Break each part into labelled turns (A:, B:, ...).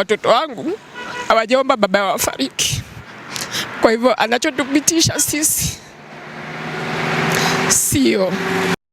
A: watoto wangu hawajaomba baba wafariki. Kwa hivyo anachotupitisha sisi sio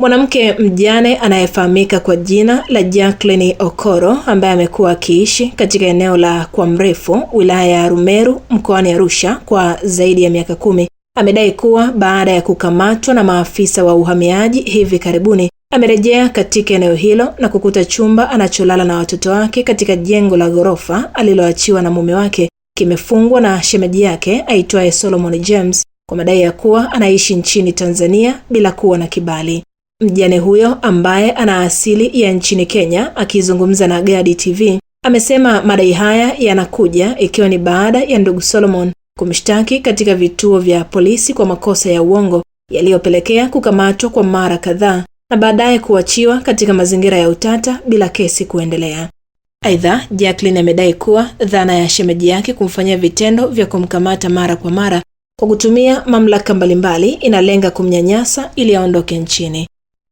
B: Mwanamke mjane anayefahamika kwa jina la Jacqueline Okoro ambaye amekuwa akiishi katika eneo la kwa mrefu wilaya ya Rumeru mkoani Arusha kwa zaidi ya miaka kumi amedai kuwa baada ya kukamatwa na maafisa wa uhamiaji hivi karibuni Amerejea katika eneo hilo na kukuta chumba anacholala na watoto wake katika jengo la ghorofa aliloachiwa na mume wake kimefungwa na shemeji yake aitwaye Solomon James kwa madai ya kuwa anaishi nchini Tanzania bila kuwa na kibali. Mjane huyo ambaye ana asili ya nchini Kenya akizungumza na Gadi TV amesema madai haya yanakuja ikiwa ni baada ya ndugu Solomon kumshtaki katika vituo vya polisi kwa makosa ya uongo yaliyopelekea kukamatwa kwa mara kadhaa na baadaye kuachiwa katika mazingira ya utata bila kesi kuendelea. Aidha, Jacqueline amedai kuwa dhana ya shemeji yake kumfanyia vitendo vya kumkamata mara kwa mara kwa kutumia mamlaka mbalimbali inalenga kumnyanyasa ili aondoke nchini.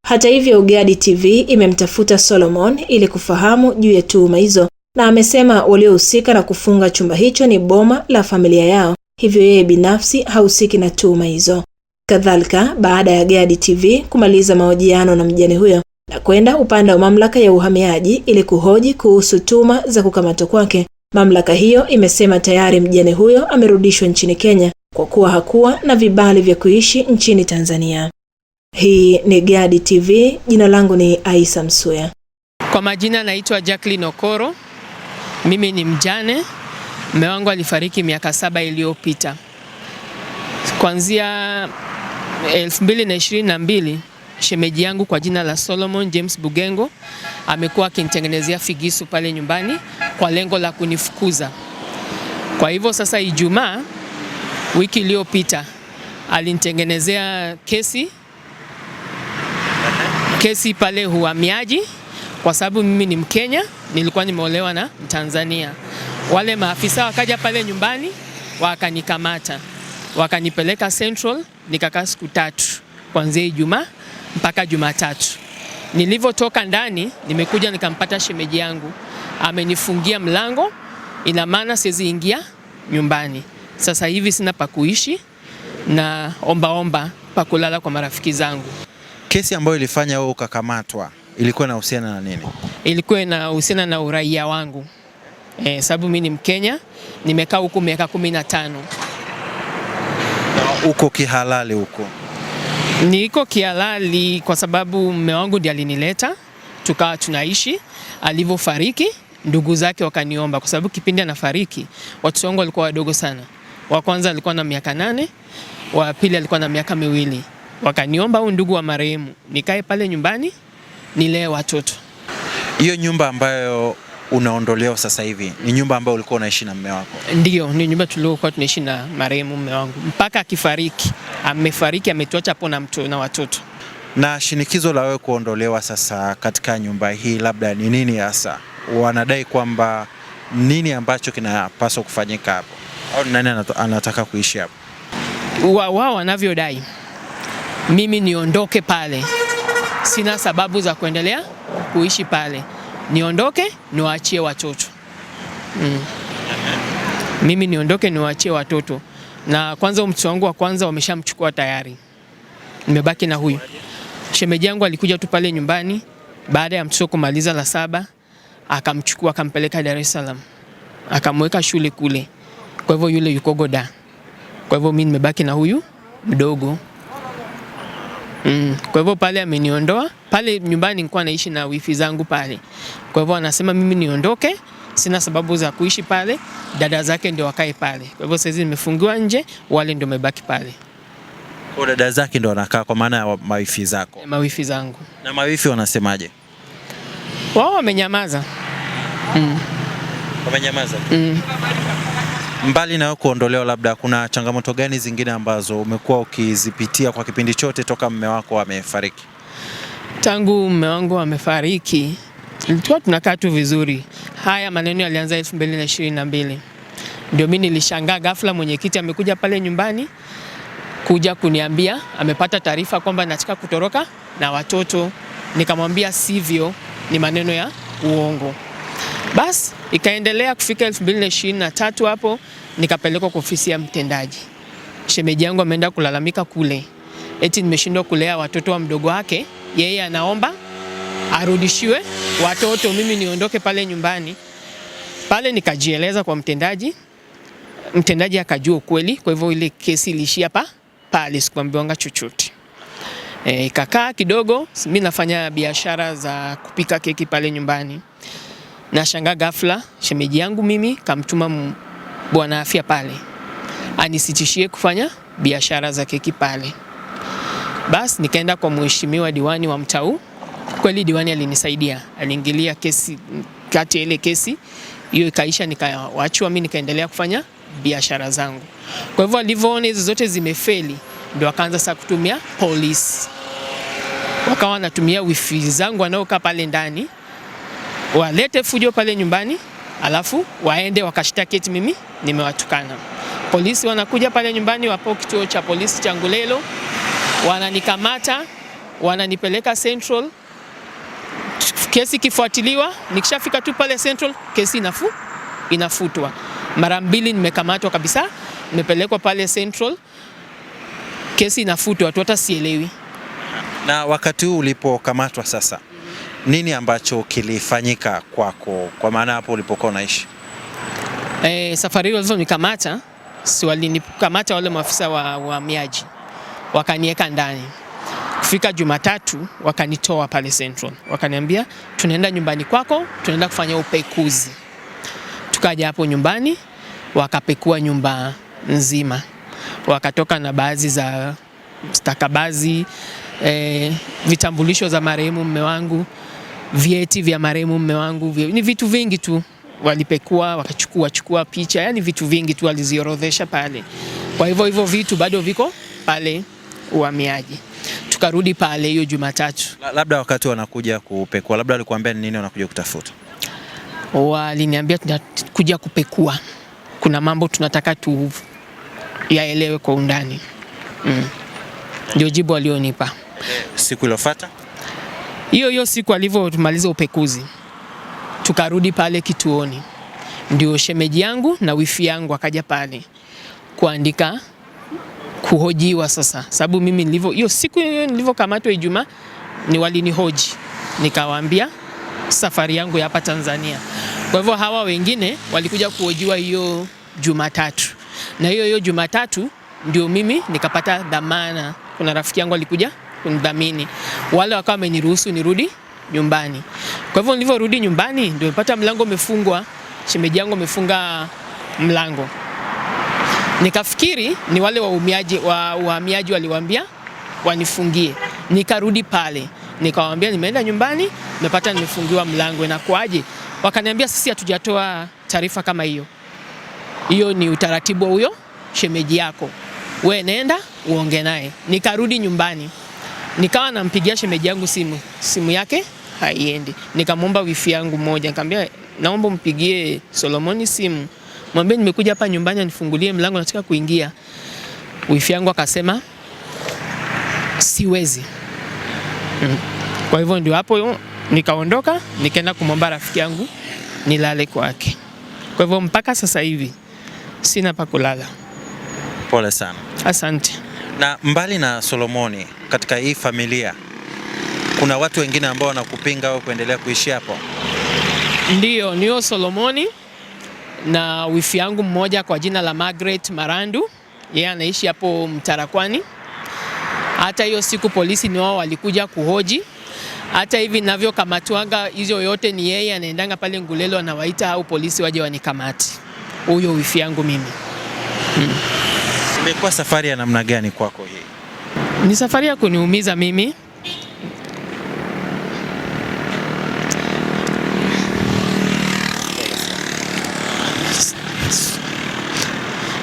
B: Hata hivyo, Ugadi TV imemtafuta Solomon ili kufahamu juu ya tuhuma hizo na amesema waliohusika na kufunga chumba hicho ni boma la familia yao, hivyo yeye binafsi hahusiki na tuhuma hizo. Kadhalika, baada ya Gadi TV kumaliza mahojiano na mjane huyo na kwenda upande wa mamlaka ya uhamiaji ili kuhoji kuhusu tuma za kukamatwa kwake, mamlaka hiyo imesema tayari mjane huyo amerudishwa nchini Kenya kwa kuwa hakuwa na vibali vya kuishi nchini Tanzania. Hii ni Gadi TV, jina langu ni Aisa Msuya.
A: Kwa majina naitwa Jacqueline Okoro, mimi ni mjane. Mume wangu alifariki miaka saba iliyopita kuanzia 2022 shemeji yangu kwa jina la Solomon James Bugengo amekuwa akinitengenezea figisu pale nyumbani kwa lengo la kunifukuza. Kwa hivyo sasa, Ijumaa wiki iliyopita alinitengenezea kesi kesi pale uhamiaji, kwa sababu mimi ni Mkenya, nilikuwa nimeolewa na Mtanzania. Wale maafisa wakaja pale nyumbani wakanikamata wakanipeleka Central nikakaa siku tatu kuanzia Ijumaa mpaka Jumatatu. Nilivyotoka ndani, nimekuja nikampata shemeji yangu amenifungia mlango, ina maana siwezi ingia nyumbani. Sasa hivi sina pa kuishi na ombaomba pa kulala kwa marafiki zangu.
C: Kesi ambayo ilifanya wewe ukakamatwa ilikuwa inahusiana na nini?
A: Ilikuwa inahusiana na uraia wangu, eh, sababu mimi ni Mkenya, nimekaa huku miaka kumi na tano
C: uko kihalali huko?
A: Niko kihalali kwa sababu mume wangu ndiye alinileta, tukawa tunaishi. Alivyofariki ndugu zake wakaniomba, kwa sababu kipindi anafariki watoto wangu walikuwa wadogo sana. Wa kwanza alikuwa na miaka nane, wa pili alikuwa na miaka miwili. Wakaniomba au ndugu wa marehemu nikae pale nyumbani nilee watoto.
C: Hiyo nyumba ambayo unaondolewa sasa hivi ni nyumba ambayo ulikuwa unaishi na mume wako?
A: Ndio, ni nyumba tuliokuwa tunaishi na marehemu mume wangu mpaka akifariki. Amefariki, ametuacha hapo na mtu na watoto.
C: Na shinikizo la wewe kuondolewa sasa katika nyumba hii labda ni nini hasa? Wanadai kwamba nini ambacho kinapaswa kufanyika hapo, au nani anataka kuishi hapo?
A: Wao wanavyodai, mimi niondoke pale, sina sababu za kuendelea kuishi pale niondoke niwaachie watoto mm. Mimi niondoke niwaachie watoto, na kwanza mtoto wangu wa kwanza wameshamchukua tayari, nimebaki na huyu shemeji yangu. Alikuja tu pale nyumbani baada ya mtoto kumaliza la saba, akamchukua akampeleka Dar es Salaam, akamweka shule kule. Kwa hivyo yule yuko Goda, kwa hivyo mimi nimebaki na huyu mdogo. Mm, kwa hivyo pale ameniondoa pale nyumbani, nilikuwa naishi na wifi zangu pale. Kwa hivyo anasema mimi niondoke, sina sababu za kuishi pale, dada zake ndio wakae pale. Kwa hivyo sasa nimefungiwa nje, wale ndio wamebaki pale.
C: Kwa dada zake ndio wanakaa, kwa maana ya mawifi zako?
A: Mawifi zangu.
C: Na mawifi wanasemaje?
A: Wao wamenyamaza.
C: Mm. Wamenyamaza. Mm. Mbali na kuondolewa, labda kuna changamoto gani zingine ambazo umekuwa ukizipitia kwa kipindi chote toka mme wako amefariki?
A: wa tangu mme wangu amefariki wa tulikuwa tunakaa tu vizuri. Haya maneno yalianza 2022 ndio mimi nilishangaa ghafla, mwenyekiti amekuja pale nyumbani kuja kuniambia amepata taarifa kwamba nataka kutoroka na watoto. Nikamwambia sivyo, ni maneno ya uongo. Bas ikaendelea kufika 2023 hapo nikapelekwa kwa ofisi ya mtendaji. Shemeji yangu ameenda kulalamika kule, eti nimeshindwa kulea watoto wa mdogo wake, yeye anaomba arudishiwe watoto, mimi niondoke pale nyumbani pale. Nikajieleza kwa mtendaji, mtendaji akajua ukweli. Kwa hivyo ile kesi ilishia pa pale, sikuambiwanga chochote. E, eh, kakaa kidogo, mimi nafanya biashara za kupika keki pale nyumbani Nashangaa ghafla shemeji yangu mimi kamtuma bwana afya pale anisitishie kufanya biashara za keki pale. Basi nikaenda kwa mheshimiwa diwani wa mtau. Kweli diwani alinisaidia, aliingilia kesi kati ya ile kesi hiyo ikaisha, nikawaachwa mimi nikaendelea kufanya biashara zangu. Kwa hivyo alivyoona hizo zote zimefeli, ndio akaanza sasa kutumia polisi, wakawa wanatumia wifi zangu wanaokaa pale ndani walete fujo pale nyumbani, alafu waende wakashtaki eti mimi nimewatukana. Polisi wanakuja pale nyumbani, wapo kituo cha polisi cha Ngulelo, wananikamata wananipeleka Central, kesi kifuatiliwa. Nikishafika tu pale Central, kesi inafu inafutwa. Mara mbili nimekamatwa kabisa, nimepelekwa pale Central, kesi inafutwa tu, hata sielewi.
C: Na wakati huu ulipokamatwa sasa nini ambacho kilifanyika kwako kwa maana hapo ulipokuwa unaishi?
A: E, safari hiyo walizonikamata, si walinikamata wale maafisa wa uhamiaji, wakaniweka ndani. Kufika Jumatatu wakanitoa pale Central, wakaniambia tunaenda nyumbani kwako, tunaenda kufanya upekuzi. Tukaja hapo nyumbani, wakapekua nyumba nzima, wakatoka na baadhi za stakabazi, e, vitambulisho za marehemu mme wangu vyeti vya marehemu mume wangu, ni vitu vingi tu walipekua wakachukua chukua picha, yani vitu vingi tu waliziorodhesha pale. Kwa hivyo hivyo vitu bado viko pale uhamiaji. Tukarudi pale hiyo Jumatatu.
C: Labda wakati wanakuja kupekua, labda walikuambia nini wanakuja kutafuta?
A: Waliniambia tunakuja kupekua, kuna mambo tunataka tu yaelewe kwa undani. Mm. Ndio mm, jibu walionipa
C: siku iliyofuata.
A: Hiyo hiyo siku alivyomaliza upekuzi, tukarudi pale kituoni, ndio shemeji yangu na wifi yangu akaja pale kuandika kuhojiwa sasa, sababu mimi nilivyo hiyo siku nilivyokamatwa Ijumaa, ni walinihoji nikawaambia safari yangu ya hapa Tanzania. Kwa hivyo hawa wengine walikuja kuhojiwa hiyo Jumatatu, na hiyo hiyo Jumatatu ndio mimi nikapata dhamana. Kuna rafiki yangu alikuja kunidhamini, wale wakawa wameniruhusu nirudi nyumbani. Kwa hivyo nilivyorudi nyumbani ndio nilipata mlango umefungwa, shemeji yangu amefunga mlango. Nikafikiri ni wale waumiaji wa uhamiaji waliwaambia wanifungie. Nikarudi pale nikawaambia nimeenda nyumbani, nimepata nimefungiwa mlango, inakuaje? Wakaniambia sisi hatujatoa taarifa kama hiyo, hiyo ni utaratibu wa huyo shemeji yako, we nenda uonge naye. Nikarudi nyumbani nikawa nampigia shemeji yangu simu, simu yake haiendi. Nikamwomba wifi yangu moja, nikamwambia naomba umpigie Solomoni simu, mwambie nimekuja hapa nyumbani anifungulie mlango, nataka kuingia. Wifi yangu akasema siwezi. Mm. Kwa hivyo ndio hapo nikaondoka nikaenda kumwomba rafiki yangu nilale kwake. Kwa hivyo mpaka sasa hivi sina pa kulala. Pole sana. Asante.
C: Na mbali na Solomoni, katika hii familia kuna watu wengine ambao wanakupinga au kuendelea kuishi hapo?
A: Ndiyo, niyo Solomoni na wifi yangu mmoja kwa jina la Margaret Marandu, yeye anaishi hapo Mtarakwani. Hata hiyo siku polisi ni wao walikuja kuhoji. Hata hivi navyokamatwaga hizo yote ni yeye anaendanga pale Ngulelo anawaita au polisi waje wanikamati, huyo wifi yangu mimi hmm.
C: Imekuwa safari ya namna gani kwako hii?
A: Ni safari ya kuniumiza mimi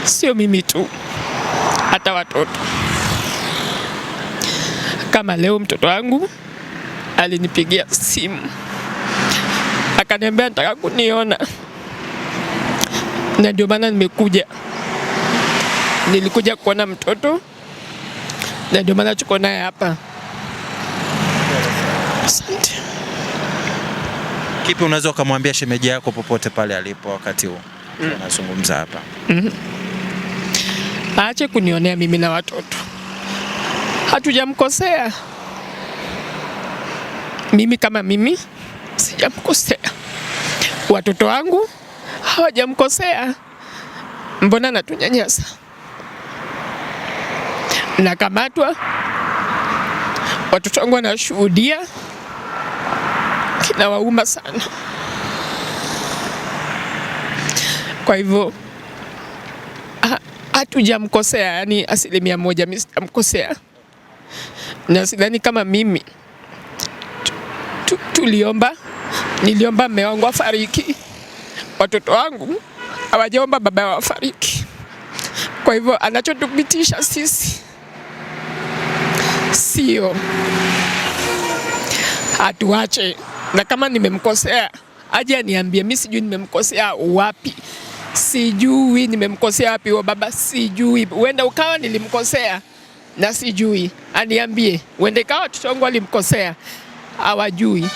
A: Sio mimi tu, hata watoto. Kama leo mtoto wangu alinipigia simu akaniambia nataka kuniona, na ndio maana nimekuja nilikuja kuona mtoto na ndio maana tuko naye hapa.
C: Asante. Kipi unaweza ukamwambia shemeji yako popote pale alipo wakati huu mm. anazungumza mm. hapa mm -hmm.
A: Aache kunionea mimi na watoto, hatujamkosea. Mimi kama mimi sijamkosea, watoto wangu hawajamkosea. Mbona natunyanyasa? nakamatwa, watoto wangu wanashuhudia, kinawauma sana. Kwa hivyo hatujamkosea, yani asilimia moja mimi sitamkosea, na sidhani kama mimi tuliomba niliomba mume wangu afariki, watoto wangu hawajaomba baba yao afariki. Kwa hivyo anachotupitisha sisi sio, atuache na kama nimemkosea aje aniambie. Mi sijui nimemkosea wapi, sijui nimemkosea wapi wa baba, sijui. Huenda ukawa nilimkosea na sijui, aniambie. wende kawa watoto wangu walimkosea, awajui,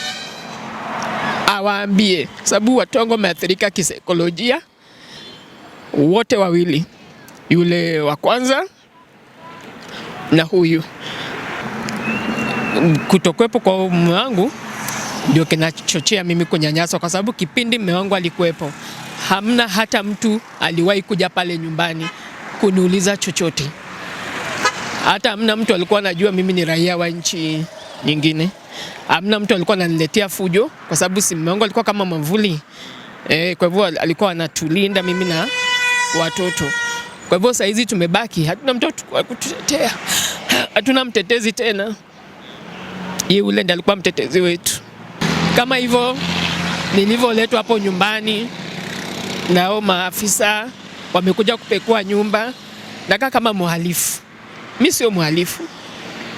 A: awaambie, sababu watoto wangu wameathirika kisaikolojia wote wawili, yule wa kwanza na huyu kutokuwepo kwa mume wangu ndio kinachochea mimi kunyanyaswa, kwa sababu kipindi mume wangu alikuwepo, hamna hata mtu aliwahi kuja pale nyumbani kuniuliza chochote, hata hamna mtu alikuwa anajua mimi ni raia wa nchi nyingine, hamna mtu alikuwa ananiletea fujo, kwa sababu si mume wangu alikuwa kama mavuli e, eh, kwa hivyo alikuwa anatulinda mimi na watoto. Kwa hivyo saa hizi tumebaki, hatuna mtu wa kututetea, hatuna mtetezi tena yule ndiye alikuwa mtetezi wetu. Kama hivyo nilivyoletwa hapo nyumbani, nao maafisa wamekuja kupekua nyumba, nakaa kama mhalifu. Mi sio mhalifu,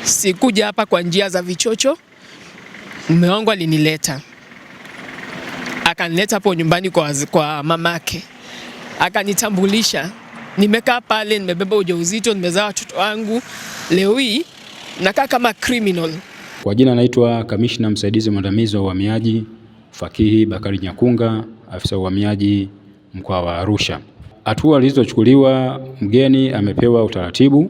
A: sikuja hapa kwa njia za vichocho. Mume wangu alinileta akanileta hapo nyumbani kwa, kwa mamake akanitambulisha. Nimekaa pale, nimebeba ujauzito, nimezaa watoto wangu. Leo hii nakaa kama criminal.
D: Kwa jina naitwa Kamishna Msaidizi Mwandamizi wa Uhamiaji Fakihi Bakari Nyakunga, afisa uhamiaji mkoa wa Arusha. Hatua zilizochukuliwa, mgeni amepewa utaratibu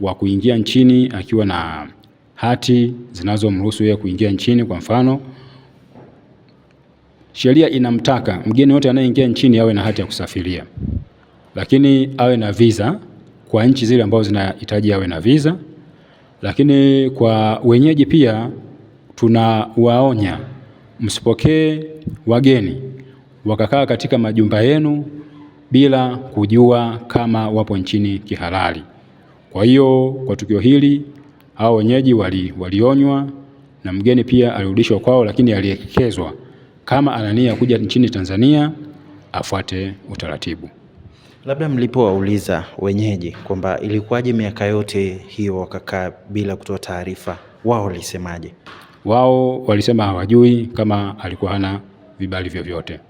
D: wa kuingia nchini akiwa na hati zinazomruhusu yeye kuingia nchini. Kwa mfano, sheria inamtaka mgeni yote anayeingia nchini awe na hati ya kusafiria, lakini awe na visa kwa nchi zile ambazo zinahitaji awe na visa. Lakini kwa wenyeji pia tunawaonya msipokee wageni wakakaa katika majumba yenu bila kujua kama wapo nchini kihalali. Kwa hiyo kwa tukio hili hao wenyeji wali, walionywa na mgeni pia alirudishwa kwao, lakini alielekezwa kama anania kuja nchini Tanzania afuate utaratibu.
E: Labda mlipowauliza wenyeji kwamba ilikuwaje miaka yote hiyo wakakaa bila kutoa taarifa, wao walisemaje?
D: Wao walisema hawajui kama alikuwa hana vibali vyovyote.